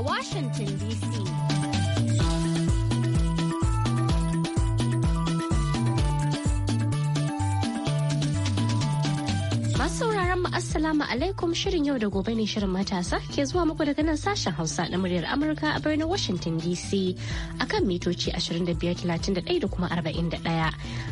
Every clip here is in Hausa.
a Washington DC. sauraron mu assalamu alaikum shirin yau da gobe ne shirin matasa ke zuwa muku daga nan sashen hausa na muryar amurka a birnin washington dc akan mitoci 31 da kuma 41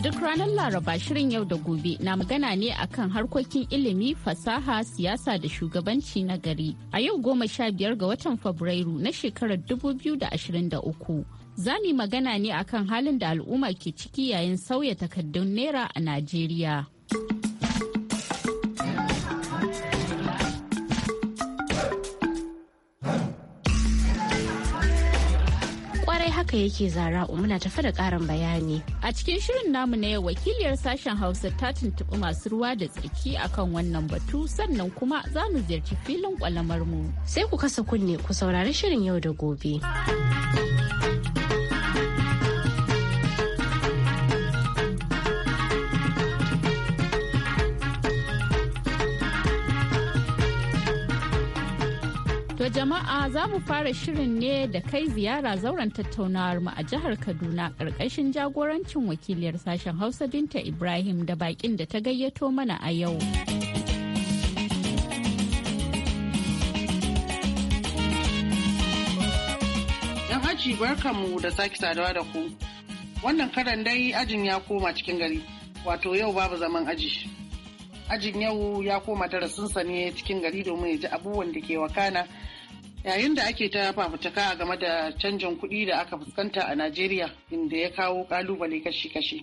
A duk ranar Laraba shirin yau da gobe na magana ne akan harkokin ilimi, fasaha, siyasa da shugabanci na gari. A yau goma sha biyar ga watan Fabrairu na shekarar dubu biyu da ashirin uku Za mu magana ne akan halin da al'umma ke ciki yayin sauya takardun Naira a Najeriya. haka yake zara muna tafa da karin bayani. A cikin shirin namu na yau wakiliyar sashen Hausa ta tuntuɓi masu ruwa da tsaki akan wannan batu sannan kuma za mu ziyarci filin kwalamar mu. Sai ku kasa kunne ku saurari shirin yau da gobe. jama'a za mu fara shirin ne da kai ziyara zauren tattaunawar mu a jihar Kaduna ƙarƙashin jagorancin wakiliyar sashen Hausa Binta Ibrahim da bakin da ta gayyato mana a yau. Yan aji barkanmu da sake saduwa da ku. Wannan karan dai ajin ya koma cikin gari, wato yau babu zaman aji. Ajin yau ya koma darasinsa ne cikin gari domin ya ji abubuwan da ke wakana Yayin da ake ta fafutuka game da canjin kuɗi da aka fuskanta a Najeriya inda ya kawo kalubale kashi-kashi.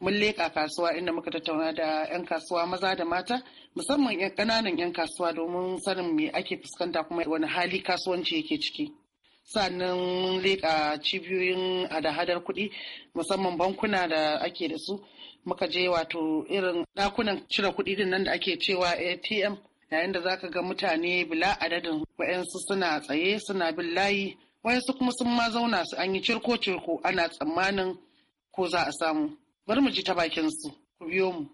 Mun leƙa kasuwa inda muka tattauna da 'yan kasuwa maza da mata musamman 'yan ƙananan 'yan kasuwa domin sanin me ake fuskanta kuma wani hali kasuwanci yake ciki. sannan mun leƙa cibiyoyin hada-hadar kuɗi musamman bankuna da ake da su muka je wato irin ɗakunan cire kuɗi din nan da ake cewa atm yayin da zaka ga mutane bila adadin wa'yansu suna tsaye suna bin layi wa'yansu kuma sun ma zauna su an yi cirko-cirko ana tsammanin ko za a samu bari mu ji ta bakin su ku biyo mu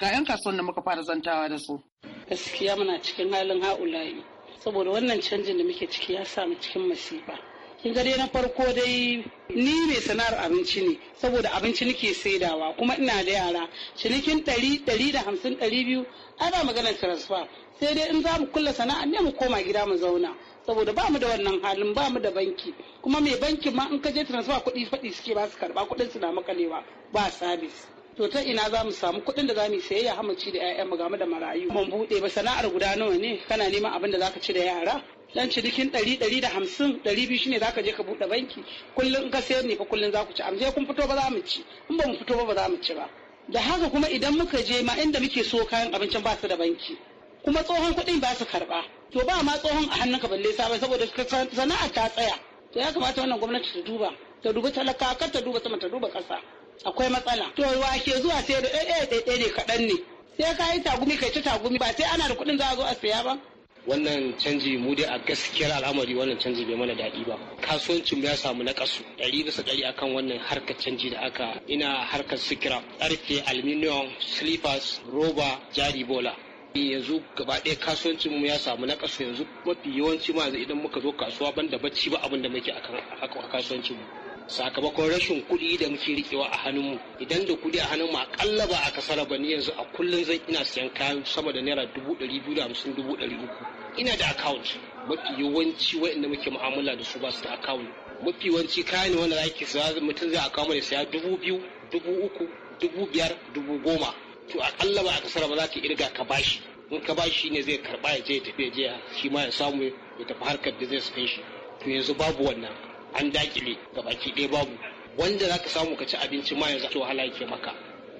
ga 'yan kasuwan da muka fara zantawa da su gaskiya muna cikin halin ha'ulayi saboda wannan canjin da muke ciki ya samu cikin masifa kin ga dai na farko dai ni mai sana'ar abinci ne saboda abinci nake saidawa kuma ina da yara cinikin ɗari ɗari da hamsin ɗari biyu ai ba maganar transfer sai dai in za mu kulle sana'a ne mu koma gida mu zauna saboda ba mu da wannan halin ba mu da banki kuma mai banki ma in ka je transfer kuɗi faɗi suke ba su karɓa kuɗin su na makalewa ba sabis to ta ina za mu samu kuɗin da za mu sayayya hamaci da mu game da marayu mun buɗe ba sana'ar guda nawa ne kana neman abin da zaka ci da yara dan cinikin ɗari ɗari da hamsin ɗari biyu shine zaka je ka buɗe banki kullum in ka sayar ne fa kullum za ku ci amma kun fito ba za mu ci in ba mu fito ba ba za mu ci ba da haka kuma idan muka je ma inda muke so kayan abincin ba su da banki kuma tsohon kuɗin ba su karɓa to ba ma tsohon a hannunka balle ba saboda sana'a ta tsaya to ya kamata wannan gwamnati ta duba ta duba talaka kar ta duba sama ta duba ƙasa akwai matsala to wa ke zuwa sai da eh, eh, ɗaya ɗaya ne kaɗan ne sai ka yi tagumi kai ta tagumi ba sai ana da kuɗin za a zo a saya ba wannan canji mu dai a gaskiyar al'amari wannan canji bai mana daɗi ba kasuwancin ya samu na ƙasu. ɗari bisa ɗari akan wannan harkar canji da aka ina harkar sikira ƙarfe aluminium slippers roba jari bola yanzu gaba ɗaya kasuwancin mu ya samu na ƙasa yanzu mafi yawanci ma idan muka zo kasuwa banda bacci ba abin da muke a kasuwancin mu sakamakon rashin kuɗi da muke rikewa a hannunmu idan da kuɗi a hannunmu akalla ba a kasara ba ni yanzu a kullum zan ina siyan kayan sama da naira dubu ɗari biyu da hamsin dubu ɗari uku ina da account mafi yawanci wa'inda muke mu'amala da su ba su da account mafi yawanci kayan ne za ki siya mutum zai akawo da siya dubu biyu dubu uku dubu biyar dubu goma to akalla ba a kasara ba za ka irga ka bashi in ka bashi ne zai karɓa ya je ya tafi ya je shi ma ya samu ya tafi harkar business ɗin shi to yanzu babu wannan an ga baki ɗaya babu wanda zaka samu ka ci abinci ma yanzu to wahala yake maka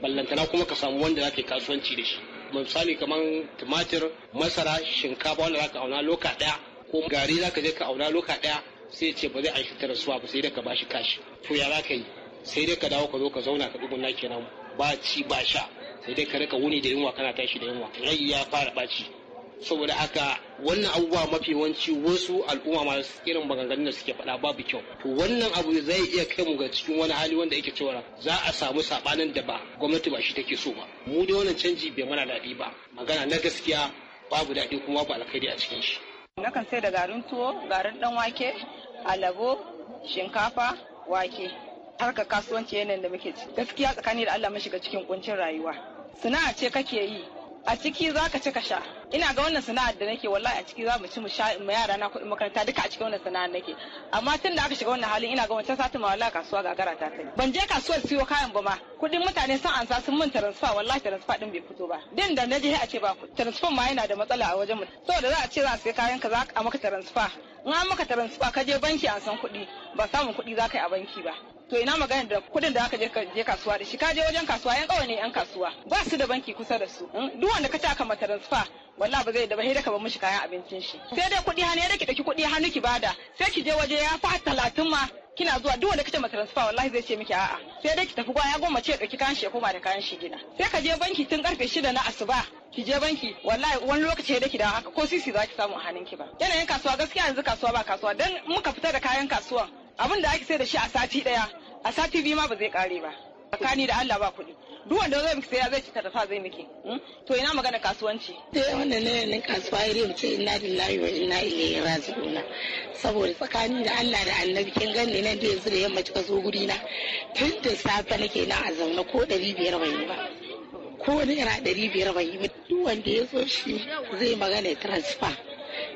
ballantana kuma ka samu wanda ka yi kasuwanci da shi misali kamar tumatir masara shinkafa wanda zaka auna loka ɗaya ko gari ka je ka auna loka ɗaya sai ce ba zai aiki ta rasuwa ba sai dai ka bashi kashi to ya ka yi sai dai ka dawo ka zo ka zauna ka dubu na kenan ba ci ba sha sai dai ka rika wuni da yunwa kana tashi da yunwa rai ya fara ɓaci saboda haka wannan abubuwa mafi yawanci wasu al'umma masu irin maganganun da suke faɗa babu kyau to wannan abu zai iya kai mu ga cikin wani hali wanda yake cewa za a samu sabanin da ba gwamnati ba shi take so ba mu da wannan canji bai mana daɗi ba magana na gaskiya babu daɗi kuma babu alkhairi a cikin shi nakan sai da garin tuwo garin dan wake alabo shinkafa wake Harka kasuwanci yanayin da muke ciki gaskiya tsakani da Allah mun shiga cikin kuncin rayuwa sana'a ce kake yi a ciki za ka ci ka sha ina ga wannan sana'ar da nake wallahi a ciki za mu ci mu sha mu yara na kuɗin makaranta duka a cikin wannan sana'ar nake amma tun da aka shiga wannan halin ina ga wancan satin ma wallahi kasuwa gagara ta kai ban je kasuwar siyo kayan ba ma kuɗin mutane sun ansa sun mun transfer wallahi transfer din bai fito ba din da na je a ce ba transfer ma yana da matsala a wajen mu saboda za a ce za a sai kayan ka za a maka transfer in an maka transfer ka je banki an san kuɗi ba samun kuɗi za ka yi a banki ba to ina magana da kuɗin da aka je kasuwa da shi ka je wajen kasuwa yan kawai ne yan kasuwa ba su da banki kusa da su duk wanda ka taka aka mata transfer wallahi ba zai da bai da ka bar mishi kayan abincin shi sai dai kuɗi hannu ya da ki kuɗi hannu ki bada sai ki je waje ya fa talatin ma kina zuwa duk wanda kace mata transfer wallahi zai ce miki a'a sai dai ki tafi gwa ya goma ce dauki kayan shi ya koma da kayan shi gida sai ka je banki tun karfe shida na asuba ki je banki wallahi wani lokaci da ki da haka ko sisi za ki samu a hannun ki ba yanayin kasuwa gaskiya yanzu kasuwa ba kasuwa dan muka fita da kayan kasuwa abin da ake sai da shi a sati daya a sati biyu ma ba zai kare ba tsakani da Allah ba kuɗi duk wanda zai miki saya zai ci tafa zai miki hmm? to ina magana kasuwanci eh wannan ne ne kasuwa iri mu ce inna lillahi wa inna ilaihi raji'un saboda tsakani da Allah da Annabi kin ganni nan da yanzu da yamma kika zo guri na tun da safe nake na a zauna ko 500 bai yi ba ko naira 500 bai yi duk wanda ya zo shi zai magana transfer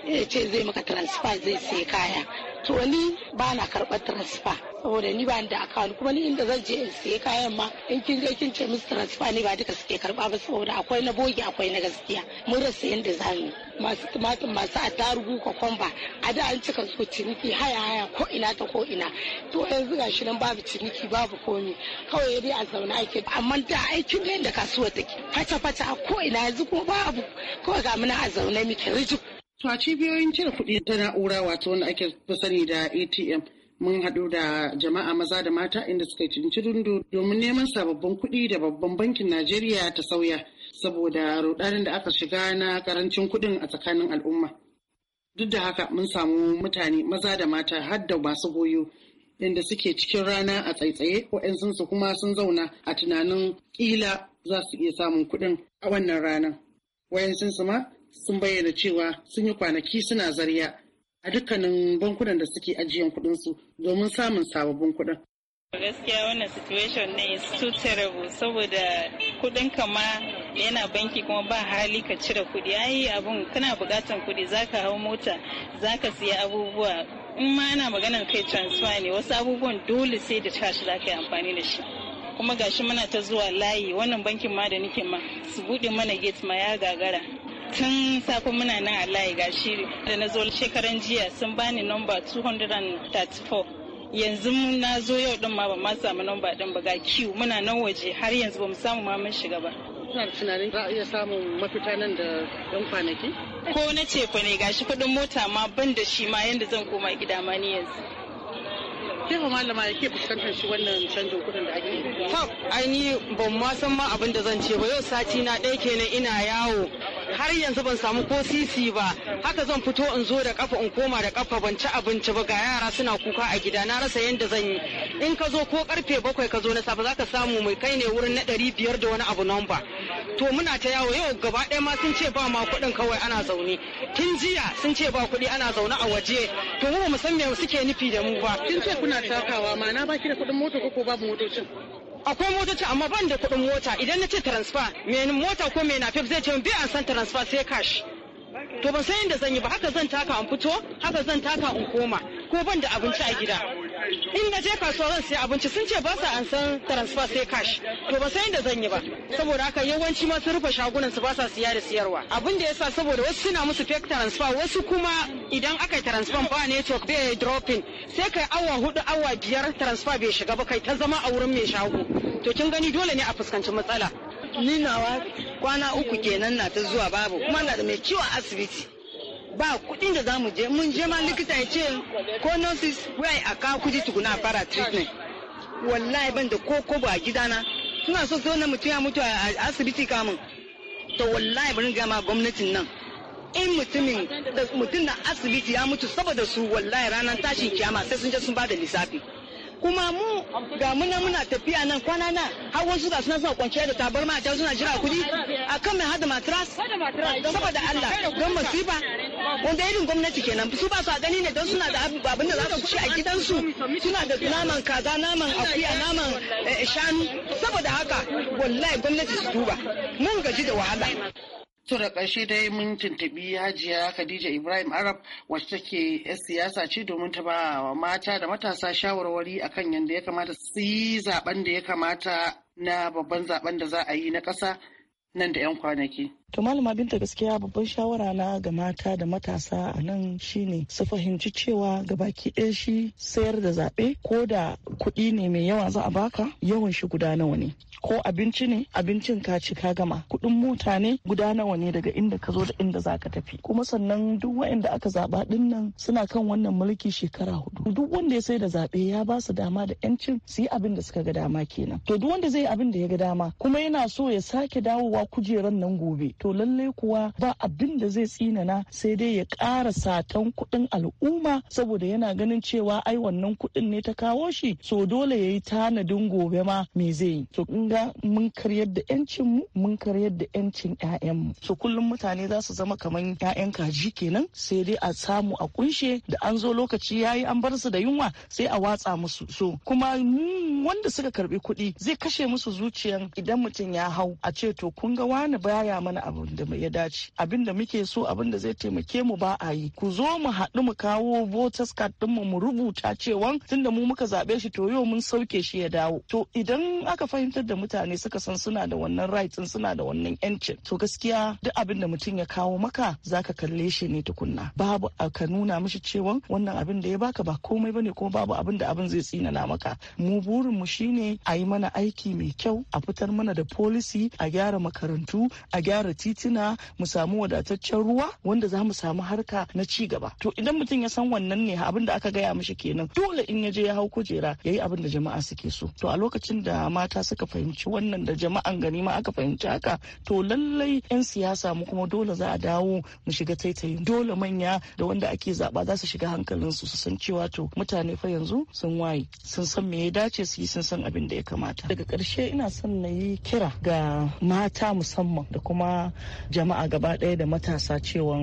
ya ce zai maka transfer zai sai kaya to ni ba na karɓar transfer saboda ni ba da account kuma ni inda zan je in siye kayan ma in kin je kin ce musu transfer ni ba duka suke karɓa ba saboda akwai na bogi akwai na gaskiya mun rasa yadda za mu masu tumatir masu attarugu kwakwamba a da an cika so ciniki haya haya ko ina ta ko ina to yanzu shi nan babu ciniki babu komi kawai dai a zaune ake amma da aikin da yadda kasuwar take fata fata ko ina yanzu kuma babu kawai ga muna a zaune muke rijiku To a cibiyoyin cire kuɗi ta na'ura wato wanda ake sani da ATM mun haɗu da jama'a maza da mata inda suka cinci rundu domin neman sababbin kuɗi da babban bankin Najeriya ta sauya saboda rudanin da aka shiga na karancin kuɗin a tsakanin al'umma. Duk da haka mun samu mutane maza da mata har da masu goyo inda suke cikin rana a tsaitsaye waɗansu kuma sun zauna a tunanin ƙila za su iya samun kuɗin a wannan ranar. Wayansu ma sun bayyana cewa sun yi kwanaki suna zarya a dukkanin bankunan da suke ajiyan su domin samun sababbin kuɗin. gaskiya wannan situation ne is too terrible saboda kuɗin ma yana banki kuma ba hali ka cire kuɗi ai abun kana bukatan kuɗi zaka hau mota ka siya abubuwa in ma ana maganar kai transfer ne wasu abubuwan dole sai da cash za ka yi amfani da shi kuma gashi muna ta zuwa layi wannan bankin ma da nake ma su buɗe mana gate ma ya gagara tun safe muna nan a ga gashi da na zo shekaran jiya sun bani nomba 234 yanzu na zo yau din ma ba ma samu nomba din ba ga q muna nan waje har yanzu ba mu samu ma mun shiga ba kuna tunanin za a iya samun mafita nan da yan kwanaki ko na ce fa ne gashi kudin mota ma ban da shi ma yanda zan koma gida ma ni yanzu ke ba malama ke fuskantar shi wannan canjin kudin da ake yi. ai ni ban ma san ma abin da zan ce ba yau sati na ɗaya kenan ina yawo har yanzu ban samu ko sisi ba haka zan fito in zo da kafa in koma da kafa ban ci abinci ba ga yara suna kuka a gida na rasa yadda zan yi in ka zo ko karfe bakwai ka zo na safe za ka samu mai kai ne wurin na ɗari biyar da wani abu ba. to muna ta yawo yau gaba ɗaya ma sun ce ba ma kuɗin kawai ana zaune tun jiya sun ce ba kuɗi ana zaune a waje to mu ba san me suke nufi da mu ba kin ce kuna takawa ma na baki da kuɗin mota ko babu motocin akwai motoci amma ban da kuɗin mota idan na ce transfer me mota ko mai nafif zai ce bi an san transfer sai cash to ban san yadda zan yi ba haka zan taka an fito haka zan taka in koma ko ban da abinci a gida in na je kasuwa zan sayi abinci sun ce ba sa an san transfer sai cash to ba san inda zan yi ba saboda haka yawanci ma rufe shagunan su ba sa siya da siyarwa abin da yasa saboda wasu suna musu fake transfer wasu kuma idan aka yi transfer ba network bai dropping sai kai awa hudu awa biyar transfer bai shiga ba kai ta zama a wurin mai shago to kin gani dole ne a fuskanci matsala ni nawa kwana uku kenan na ta zuwa babu kuma na da mai ciwon asibiti ba kudin da za mu je mun je ma likita ya ce ko nurses wai a ka kudi tukuna a fara treatment wallahi ban da ko ko ba gidana suna so sai wannan mutum ya mutu a asibiti kamun to wallahi bari ma gwamnatin nan in mutumin da mutum na asibiti ya mutu saboda su wallahi ranar tashin kiyama sai sun je sun bada lissafi kuma mu ga muna muna tafiya nan kwana na har wasu ga suna suna kwanciya da tabarma a suna jira kudi akan mai hada matras saboda Allah don masifa wanda irin gwamnati kenan su ba su a gani ne don suna da abin da za su ci a gidansu suna da naman kaza naman akuya naman eh, shanu saboda haka wallahi gwamnati su duba mun gaji da wahala To da ƙarshe dai mun tuntuɓi Hajiya Khadija Ibrahim Arab wacce take siyasa ce domin ta ba wa mata da matasa shawarwari akan yadda ya kamata su yi zaben da ya kamata na babban zaben da za a yi na ƙasa nan da 'yan kwanaki. To malama binta gaskiya babban shawara na ga mata da matasa a nan shine su fahimci cewa gabaki ɗaya shi sayar da zaɓe ko da kuɗi ne mai yawa za a baka yawan shi guda nawa ne. Ko abinci ne abincin ka ci ka gama kuɗin mota ne guda nawa ne daga inda ka zo da inda za ka tafi. Kuma sannan duk waɗanda aka zaɓa ɗin nan suna kan wannan mulki shekara hudu. Duk wanda ya sai da zaɓe ya ba su dama da 'yancin su yi abin da suka ga dama kenan. To duk wanda zai yi abin da ya ga dama kuma yana so ya sake dawowa kujeran nan gobe to lallai kuwa ba abin da zai tsinana sai dai ya ƙara satan kuɗin al'umma saboda yana ganin cewa ai wannan kuɗin ne ta kawo shi so dole ya yi tanadin gobe ma me zai yi To in ga mun karyar da yancin mu mun karyar da yancin ƴaƴan mu so kullum mutane za su zama kamar ƴaƴan kaji kenan sai dai a samu a kunshe da an zo lokaci ya yi an bar su da yunwa sai a watsa musu so kuma wanda suka karbi kuɗi zai kashe musu zuciyan idan mutum ya hau a ce to kun ga wani baya mana abin da ya dace abin da muke so abin da zai taimake mu ba a yi ku zo mu haɗu mu kawo voters card din mu rubuta cewa tunda mu muka zaɓe shi to yau mun sauke shi ya dawo to idan aka fahimtar da mutane suka san suna da wannan rights din suna da wannan yancin to gaskiya duk abin da mutum ya kawo maka zaka kalle shi ne tukunna babu ka nuna mishi cewa wannan abin da ya baka ba komai bane kuma babu abin da abin zai tsinana maka mu burin mu shine a yi mana aiki mai kyau a fitar mana da policy a gyara makarantu a gyara tituna mu samu wadataccen ruwa wanda za mu samu harka na ci gaba to idan mutum ya san wannan ne abin da aka gaya mishi kenan dole in ya je ya hau kujera ya yi abin da jama'a suke so to a lokacin da mata suka fahimci wannan da jama'an gani ma aka fahimci haka to lallai 'yan siyasa mu kuma dole za a dawo mu shiga taitayi dole manya da wanda ake zaba za su shiga hankalin su san cewa to mutane fa yanzu sun waye sun san me ya dace su yi sun san abin da ya kamata daga karshe ina son na yi kira ga mata musamman da kuma jama'a gaba ɗaya da matasa cewa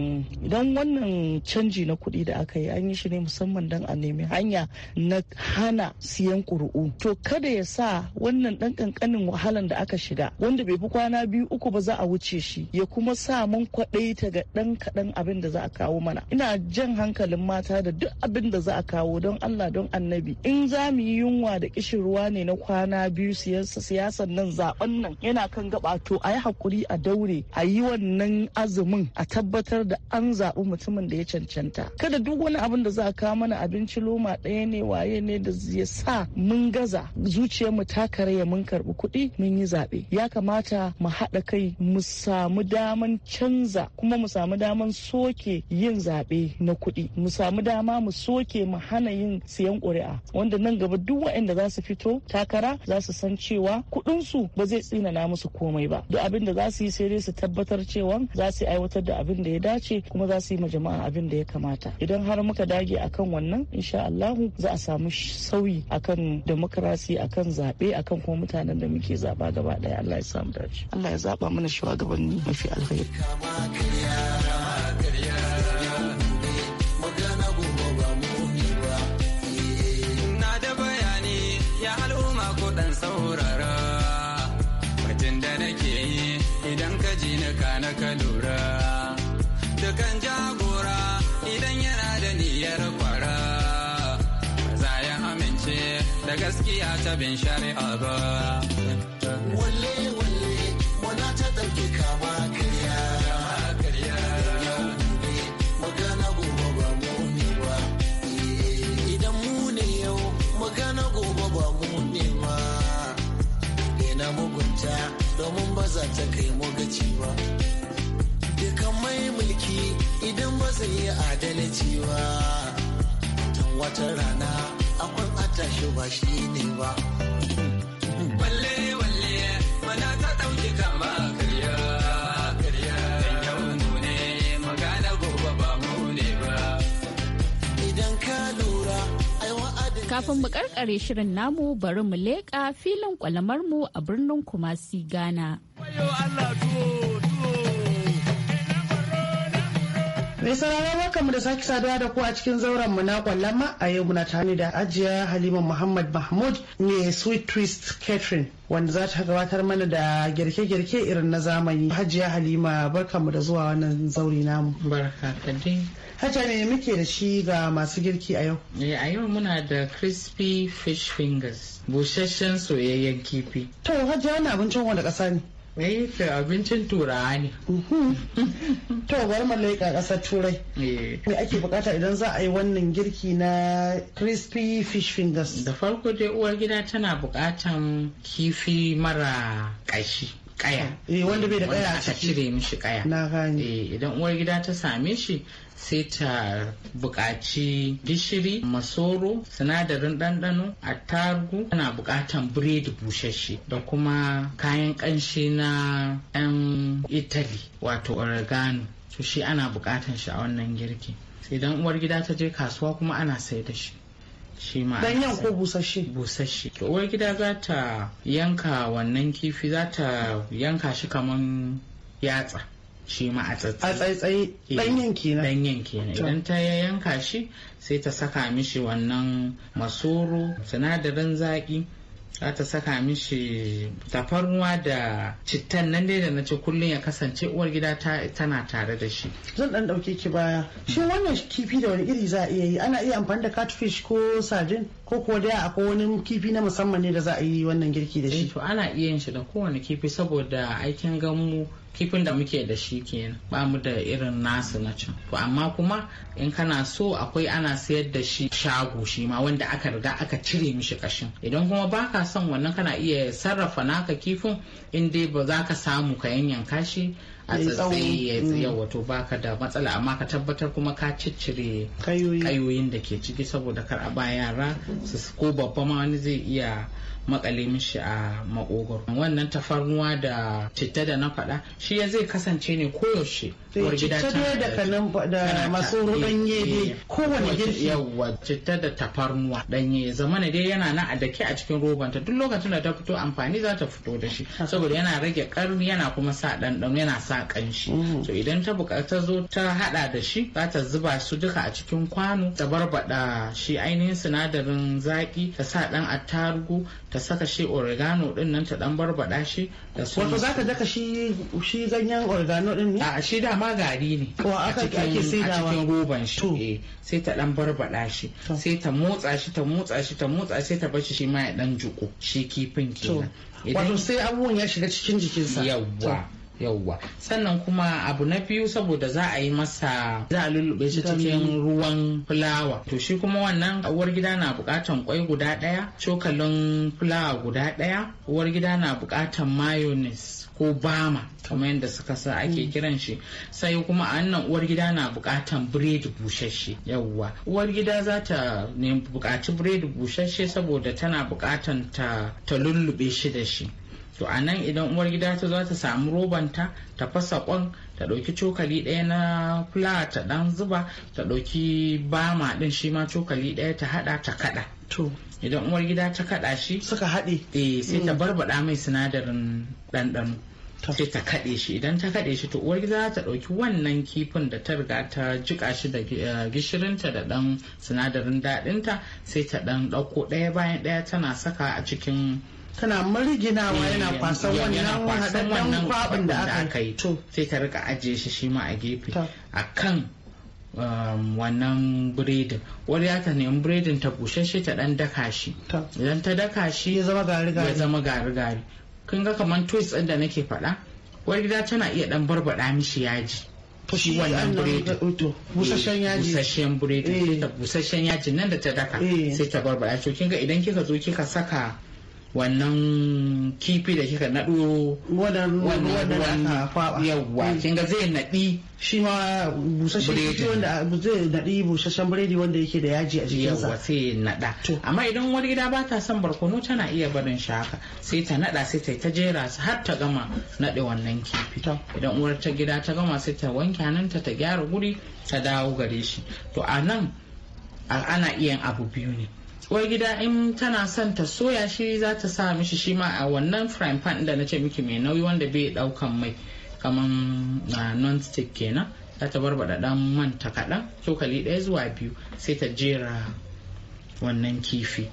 don wannan canji na kuɗi da aka yi an yi shi ne musamman don a nemi hanya na hana siyan ƙuri'u to kada ya sa wannan ɗan ƙanƙanin wahalan da aka shiga wanda bai fi kwana biyu uku ba za a wuce shi ya kuma sa mun kwaɗaita ga ɗan kaɗan abin da za a kawo mana ina jan hankalin mata da duk abin da za a kawo don allah don annabi in za mu yi yunwa da kishirwa ne na kwana biyu siyasan nan zaɓen nan yana kan gaba to a yi hakuri a daure a yi wannan azumin a tabbatar da an zaɓi mutumin da ya cancanta kada duk wani abin da za a kawo mana abinci loma ɗaya ne waye ne da ya sa mun gaza zuciyarmu ta karaya mun karɓi kuɗi mun yi zaɓe ya kamata mu haɗa kai mu samu daman canza kuma mu samu daman soke yin zaɓe na kuɗi mu samu dama mu soke mu hana yin siyan ƙuri'a wanda nan gaba duk waɗanda za su fito takara za su san cewa kuɗinsu ba zai tsinana musu komai ba duk abin da za su yi sai dai su tabbatar cewa za su aiwatar da abin da ya dace kuma za su yi ma jama'a abin da ya kamata idan har muka dage akan wannan insha Allahu za a samu sauyi akan demokrasi akan zaɓe akan kuma mutanen da muke zaba gaba daya Allah ya samu dace Allah ya zaba mana shugabanni mafi alheri bin shari'a ba walle walle wana ta ɗauke kama kariya kariya magana gobe ba mu ne ba eh, idan mu ne yau magana gobe ba mu ne ma ina mugunta domin ba za ta kai mu gaci ba dukan mai mulki idan ba zai yi adalci ba wata rana akwai atashi bashi. ba shi Kafin mu karkare shirin namu bari mu leƙa filin mu a birnin Kumasi, Ghana. Mai sauraron mu da sake saduwa da ku a cikin zauren mu na kwallama a yau muna tare da ajiya Halima Muhammad Mahmud ne Sweet Twist Catherine wanda za ta gabatar mana da girke-girke irin na zamani. Hajiya Halima barkamu da zuwa wannan zauri namu. Barka dai. Hajja me muke da shi ga masu girki a yau? Eh, a yau muna da crispy fish fingers, busasshen soyayyen kifi. To Hajja wani abincin wanda ƙasa ne? Eh, abincin turawa ne. To bari mu leƙa ƙasar turai. Eh. Me ake bukata idan za a yi wannan girki na crispy fish fingers? Da farko dai uwar gida tana bukatan kifi mara ƙashi. Kaya. Eh, wanda bai da kaya a ciki. Wanda aka cire mishi kaya. Na gani Eh, idan uwar gida ta same shi sai ta buƙaci gishiri masoro sinadarin ɗanɗano targu tana buƙatan biredi busasshe da kuma kayan ƙanshi na 'yan italy wato oregano to shi ana buƙatan shi a wannan girki sai don uwar gida ta je kasuwa kuma ana sai da shi shi ma ko busasshe busasshe to uwar gida za ta yanka wannan kifi za ta yanka shi kaman yatsa shi ma a tsatsai eh, ɗanyen kenan ɗanyen kenan idan ta yanka shi sai ta saka mishi wannan masoro sinadarin zaƙi za ta saka mishi tafarnuwa da cittan nan dai da na ce kullum ya kasance uwar gida tana tare da shi zan dan dauke ki baya shi wannan kifi da wani iri za a iya yi ana iya amfani da catfish ko sardine ko kuwa dai akwai wani kifi na musamman ne da za a yi wannan girki da shi eh, to ana iya yin shi da kowane kifi saboda aikin gamu kifin da muke da shi kenan ba mu da irin nasu na can to amma kuma in kana so akwai ana sayar da shi shago shi ma wanda aka riga aka cire mishi kashin idan kuma baka son wannan kana iya sarrafa naka kifin in dai ba za ka samu ka yanyanka shi a tsaye ya mm. wato baka da matsala amma ka tabbatar kuma ka ciccire kayoyin da ke ciki saboda kar a ba yara su ko babba ma wani zai iya makale mishi a makogoro wannan tafarnuwa da citta da na faɗa shi ya zai kasance ne koyaushe eh, uwar gida ta da kanin da masu rudanye eh, dai eh, kowane girki yawa citta da tafarnuwa danye zamana dai yana nan a dake a cikin robanta duk lokacin da ta fito amfani za ta fito da shi saboda yana rage karni yana kuma sa ɗanɗano yana sa ƙanshi mm. so idan ta bukata zo ta haɗa da shi za ta zuba su duka a cikin kwano ta barbaɗa shi ainihin sinadarin zaƙi ta sa ɗan attarugu ta ta saka shi oregano din nan ta dan barbada shi da su wato zaka daka shi shi ganyen oregano din ne a shi ma gari ne a cikin goban shi eh, sai ta dan barbada shi sai ta motsa shi ta motsa shi ta motsa sai ta bashi shi ma ya dan juko shi kifin kenan wato sai abubuwan ya shiga cikin jikinsa yawwa yauwa sannan kuma abu na biyu saboda za a yi masa za a lullube shi cikin ruwan fulawa to shi kuma wannan uwar gida na bukatan kwai guda daya cokalin fulawa guda daya uwar gida na bukatan mayonis ko bama kamar yadda suka sa ake mm. kiran shi sai kuma annan uwar gida na bukatan biredi bushashe yauwa uwar gida za ta bukaci biredi bushashe saboda tana bukatan ta lullube shi da shi to a nan idan uwar gida ta za ta samu robanta ta fasa kwan ta ɗauki cokali ɗaya na fulawa ta ɗan zuba ta ɗauki bama ɗin shi ma cokali ɗaya ta haɗa ta kaɗa to idan uwar gida ta kaɗa shi suka haɗe eh sai ta mm. barbaɗa mai sinadarin ɗanɗano sai ta kaɗe shi idan ta kaɗe shi to uwar gida ta ɗauki wannan kifin da ta riga ta jika shi da eh, gishirinta da ɗan sinadarin daɗinta sai ta ɗan ɗauko ɗaya bayan ɗaya tana saka a cikin tana wa yana kwasan wannan haɗaɗɗen kwaɓin da aka yi to sai ta rika ajiye shi shi ma a gefe a kan um, wannan biredin wani ya ta nemi biredin ta shi ta ɗan daka shi idan ta daka shi ya zama gari gari kun ga kamar twist ɗin da nake faɗa wani gida tana iya ɗan barbaɗa mishi yaji shi wannan buredi eh, busasshen eh, yaji busasshen buredi ta eh. busasshen yaji nan da ta daka sai ta barbara cokin ga idan kika zo kika saka wannan kifi da kika naɗo wannan aka yawwa mm. kin zai naɗi shi ma busasshen wanda zai naɗi busasshen biredi wanda yake da yaji a jikinsa yawwa sai naɗa amma idan wani gida ba ta son barkono tana iya barin shi haka sai ta naɗa sai ta ta jera su har ta gama naɗe wannan kifi idan uwar ta gida ta gama sai ta wanke hannunta ta gyara guri ta dawo gare shi to a nan ana iya abu biyu ne uwar gida in tana son ta soya shi za ta sa mishi shi ma a wannan frying pan da na ce miki mai nauyi wanda bai daukan mai kaman ah, non stick kenan za ta barbada dan manta kaɗan cokali ɗaya zuwa biyu sai ta jera wannan kifi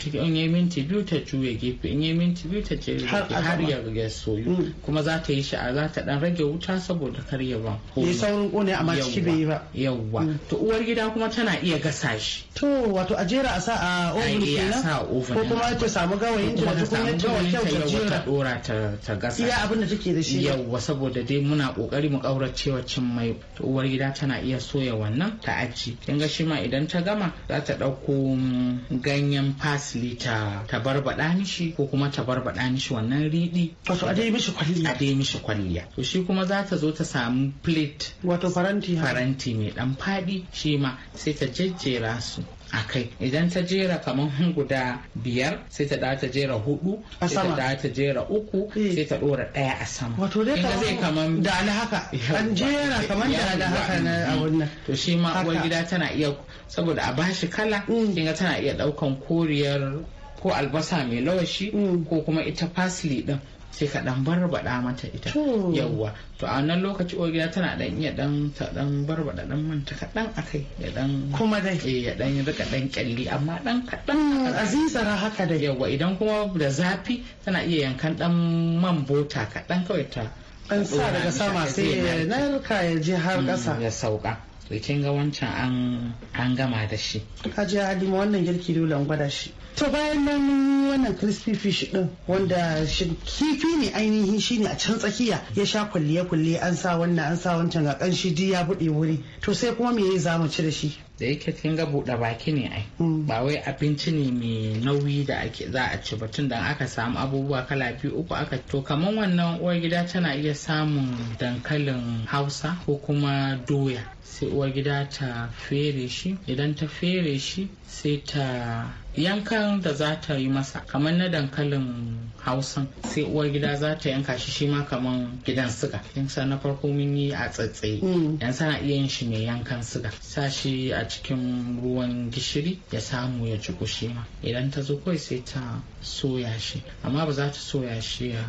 ciki in yi minti biyu ta juya gefe in yi minti biyu ta je har ya ya soyu kuma za ta yi shi a za ta dan rage wuta saboda kar ya ba ne saurin kone amma ciki bai yi ba yawwa hmm. to uwar gida kuma tana iya gasa shi to wato a jera a sa a oven kenan ko kuma ta samu gawayin ta da kuma ta kyau ta jera ta dora ta ta gasa iya abin da take da shi yawwa saboda dai muna kokari mu kauracewa cin mai to uwar gida tana iya soya wannan ta aji kin ga shi ma idan ta gama za ta dauko mm, ganyen fas asali ta barbada mishi ko kuma ta barbada mishi wannan riɗi wato a dai mishi kwalliya a dai mishi kwalliya to shi kuma za ta zo ta samu plate wato faranti faranti mai dan faɗi shi ma sai ta jejjera su a kai idan ta jera kamar guda biyar sai ta ta jera hudu sai ta ta jera uku eh. sai ta dora daya a sama wato dai zai kamar da haka. an jera kamar da haka na a wannan to shi ma uwar gida tana iya saboda a bashi kala mm. kinga tana iya daukan koriyar ko albasa mai lawashi mm. ko kuma ita parsley din sai ka dan barbada mata ita yawwa to a nan lokaci ogiya tana dan iya dan ta dan barbada dan manta kaɗan akai ya dan kuma dai eh ya dan rika dan kyalli amma dan dan azizar mm, haka da yawwa idan kuma da zafi tana iya yankan dan man bota kaɗan kawai ta dan sa daga sama sai Na ruka ya je har kasa mm, ya sauka to ga wancan an gama da shi Kaje halima wannan girki dole an gwada shi to bayan nan wannan crispy fish din wanda kifi ne ainihin shine a can tsakiya ya sha kulliye kulli an sa wannan an sa wancan ga kanshi ji ya bude wuri to sai kuma me za mu ci da shi da yake kin ga buɗe baki ne ai mm. ba wai abinci ne mai nauyi da ake za a ci ba tun da aka samu abubuwa kala biyu uku aka to kaman wannan uwar gida tana iya samun dankalin hausa ko kuma doya sai uwar gida ta fere shi idan ta fere shi sai ta yankan da za ta yi masa kamar na dankalin hausan sai uwar gida za ta yanka shi shi ma kamar gidan siga kin na farko mun yi a tsatsaye mm. yan sa iya yin shi mai yankan siga sa shi a cikin ruwan gishiri ya samu ya ci shi ma idan ta zo kawai sai ta soya shi amma ba za ta soya shi a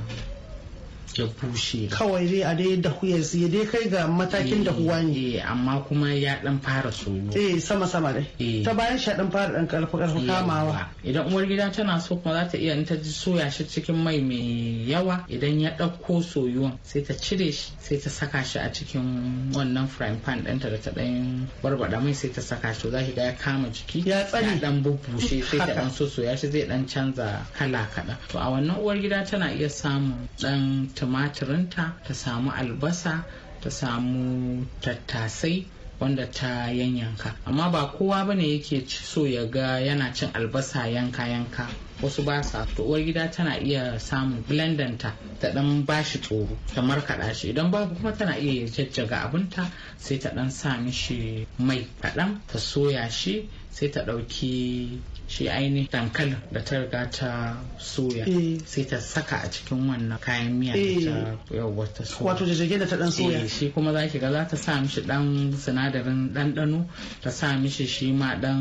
ya bushe kawai dai a dai dahuya ya dai kai ga matakin eh, huwa ne eh, amma kuma ya dan fara soyo eh sama sama dai eh. ta bayan shi dan fara dan karfi karfi kamawa idan uwar gida tana so kuma za ta iya in ta ji soya shi cikin mai mai yawa idan ya dauko soyuwan sai ta cire shi sai ta saka shi a cikin wannan frying pan ɗinta da ta dan barbada mai sai ta saka shi zai ga ya kama jiki ya tsani dan bubbushe sai ta dan soya shi zai dan canza kala kaɗan to a wannan uwar gida tana iya samun dan tumaturinta ta samu albasa ta samu tattasai wanda ta yanyanka amma ba kowa ne yake so ya ga yana cin albasa yanka yanka wasu ba sa uwar gida tana iya samun blendanta ta dan bashi tsoro ta markaɗa shi idan babu kuma tana iya jajjaga abinta sai ta dan sa mishi mai kaɗan ta soya shi sai ta ɗauki shi ainihin dankalin da ta riga ta soya eh. sai ta saka a cikin wannan kayan miya da ta eh. wata soya wato jajjage da ta dan soya eh, shi kuma za ki ga za ta sa mishi dan sinadarin ɗanɗano ta sa mishi shi ma dan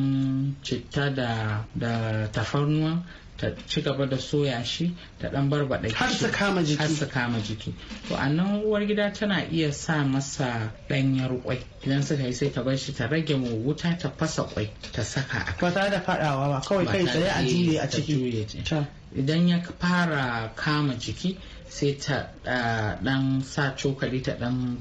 citta da tafarnuwa ta ci gaba da soya shi ta dan barbaɗa shi har su kama jiki to a nan uwar gida tana iya sa masa ɗanyar kwai idan suka yi sai ta bar shi ta rage mu wuta ta fasa kwai ta saka a ba da faɗawa ba kawai kai tsaye a eh, juye a ciki idan ya fara kama jiki sai ta dan sa cokali ta dan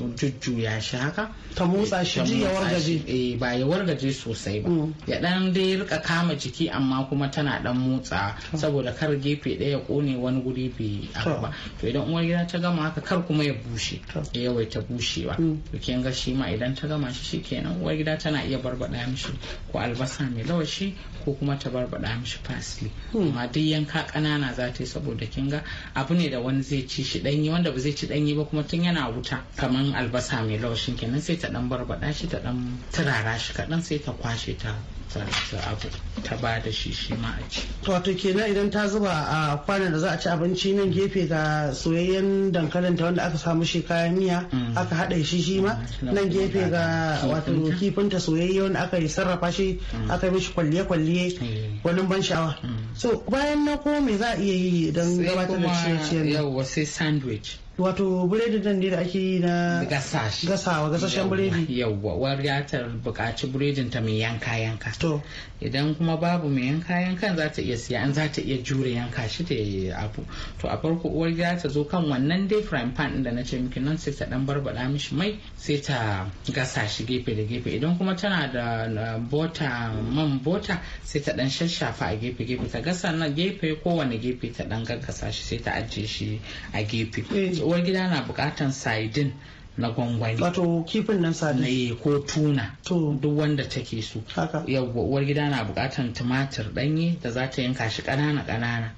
jujjuya shi haka ta motsa shi ji ya wargaje eh, ba ya wargaje sosai ba mm. ya dan dai rika kama jiki amma kuma tana dan motsa saboda kar gefe ɗaya ya kone wani guri bi ba to idan uwar gida ta gama haka kar kuma ya bushe ya bushe bushewa mm. to kin ga shi ma idan ta gama shi shikenan uwar gida tana iya barbada mishi ko albasa mai lawashi ko kuma ta barbada mishi parsley mm. amma dai yanka kanana za ta yi saboda kin ga abu ne da wani zai ci shi ɗanyi wanda ba zai ci ɗanyi ba kuma tun yana wuta kamar albasa mai laushin kenan sai ta dan barbaɗa shi ta ɗan turara shi kaɗan sai ta kwashe ta abu ta ba da shi shi ma a ci. Wato kenan idan ta zuba a kwanan da za a ci abinci nan gefe ga soyayyen dankalin ta wanda aka samu shi kayan miya mm. aka haɗa shi shi ma mm. nan gefe ga wato kifin ta soyayye wanda aka yi sarrafa shi mm. aka yi mishi kwalliye-kwalliye eh. wani ban sha'awa. So bayan nan na ko me za a iya yi don gabatar da ciyar ciyar yau wasu sandwich wato biredi nan ne da ake yi na gasawa gasashen biredi yawwa wariya ta buƙaci biredin ta mai yanka yanka to idan kuma babu mai yanka yankan za ta iya siya an za ta iya jure yanka shi da abu to a farko uwar gida ta zo kan wannan dai frying pan din da na ce miki nan sai ta dan barbada mishi mai sai ta gasa shi gefe da gefe idan kuma tana da bota man bota sai ta dan shashafa a gefe gefe ta gasa na gefe kowane gefe ta dan gaggasa shi sai ta ajiye shi a gefe eh. uwar gida na bukatan saidin na gwangwani wato kifin nan sadi eh, ko tuna duk wanda take so yawwa uwar gida na bukatan tumatir danye da za ta yanka shi kanana kanana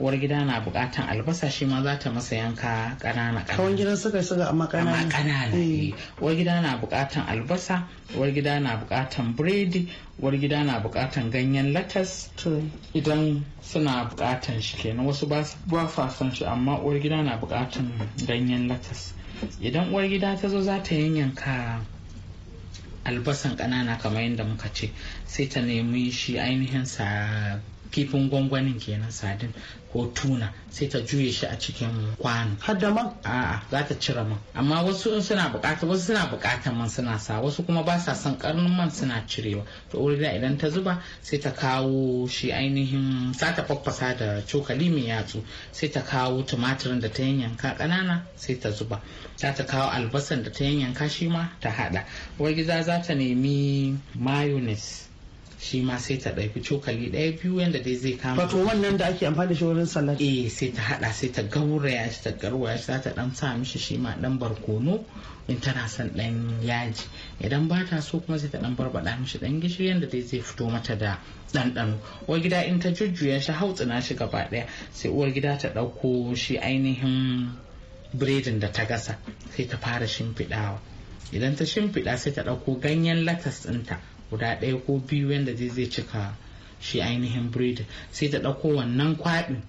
uwar gida na bukatan albasa shi ma za ta masa yanka kanana kanana kawan gidan suka suka amma kanana amma kanana eh. eh. uwar gida na bukatan albasa uwar gida na bukatan biredi uwar gida na bukatan ganyen latas idan suna bukatan shi kenan wasu ba sa son amma uwar gida na bukatan ganyen latas idan uwar gida ta zo za ta yanyanka albasan kanana kamar yadda muka ce sai ta nemi shi ainihin sa kifin gwangwanin kenan sadin ko tuna sai ta juye shi a cikin kwano har da man a'a za ta cire man amma wasu in suna bukata wasu suna bukatan man suna sa wasu kuma ba sa son karnin man suna cirewa to da idan ta zuba sai ta kawo shi ainihin za ta faffasa da cokali mai yatsu sai ta kawo tumatirin da ta yanyanka kanana sai ta zuba za ta kawo albasan da ta yanyanka shi ma ta hada wai gida za ta nemi mayonnaise shi ma sai ta ɗauki cokali ɗaya biyu yadda dai zai kama wato wannan da ake amfani da shi wurin salad eh sai ta haɗa sai ta gauraya shi ta garwaya shi za ta dan sa mishi shi ma dan barkono in tana son dan yaji idan ba ta so kuma sai ta dan barbada mishi ɗan gishiri yadda dai zai fito mata da ɗanɗano uwar gida in ta jujjuya shi hautsina shi gaba ɗaya sai uwar gida ta ɗauko shi ainihin biredin da ta gasa sai ta fara shimfiɗawa idan ta shimfiɗa sai ta ɗauko ganyen latas ɗinta guda ɗaya ko biyu yadda zai zai cika shi ainihin breed sai ta ɗauko wannan kwaɗin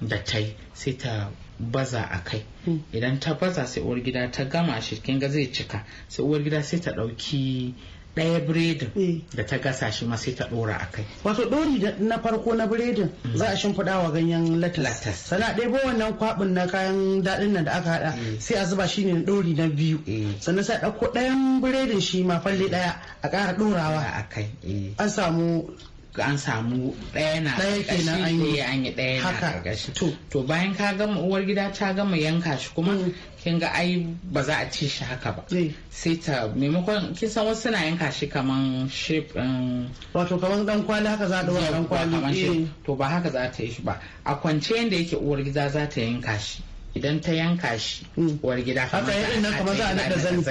da ta yi sai ta baza a kai hmm. idan ta baza sai uwar gida ta gama shi kinga zai cika sai uwar gida sai ta ɗauki ɗaya biredin eh. da ta gasa shi ma sai ta ɗora a kai. Wato ɗori na farko na biredin mm. za a shimfiɗa wa ganyen latas. Sana ɗebo wannan kwaɓin na kayan daɗin nan da aka haɗa mm. sai a zuba shi ne ɗori na biyu. Mm. Sannan sai a ɗauko ɗayan biredin shi ma falle ɗaya a ƙara ɗorawa. A kai. Eh. An samu an samu ɗaya na ƙarƙashi eh, an yi ɗaya na to bayan ka gama uwar gida ta gama yanka shi kuma kin ga ai ba za a ci shi haka ba eh. sai ta maimakon kin san wasu suna yanka shi kaman shape um, wato kaman dan kwali haka za ta wani dan kwali eh. to ba haka za ta yi shi ba a kwance yanda yake uwar gida za ta yanka shi idan ta yanka shi hmm. uwar gida kamar za a nada zani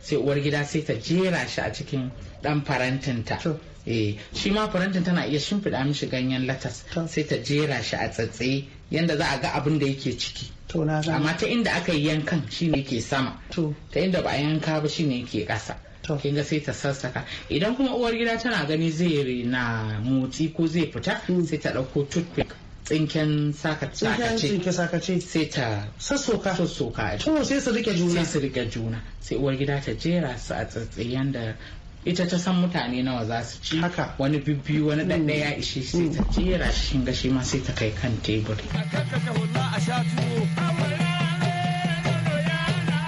sai uwar gida sai ta jera shi a cikin dan farantinta eh shi ma farantin tana iya shimfiɗa mishi ganyen latas sai ta jera shi a tsatse yanda za a ga abin da yake ciki so na amma ta inda aka yi yankan shine ke sama to ta inda ba a yanka ba shine ke kasa kin ga sai ta sassaka idan kuma uwar gida tana gani zai na motsi ko zai fita mm. sai ta dauko toothpick tsinken sakace sai ta sassoka sassoka to sai su rike juna sai su rike juna sai uwar gida ta jera su a tsatsayen da ita ta san mutane nawa za su ci wani bibbi wani mm. ya ishe sai ta mm. jera shi gashi ma sai ta kai kan tebur.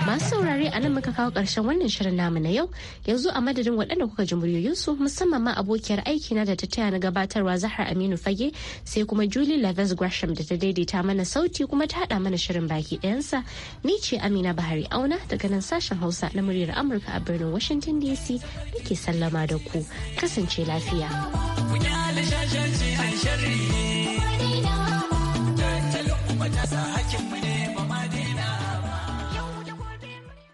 Masu saurare a nan muka kawo ƙarshen wannan shirin namu na yau yanzu a madadin waɗanda kuka ji muryoyinsu musamman ma abokiyar aiki na da ta taya na gabatarwa zahar Aminu Fage sai kuma Julie Lathers Gresham da ta daidaita mana sauti kuma ta haɗa mana shirin baki ɗayansa ni ce Amina Bahari Auna daga nan sashen Hausa na muryar Amurka a birnin Washington DC muke sallama da ku kasance lafiya.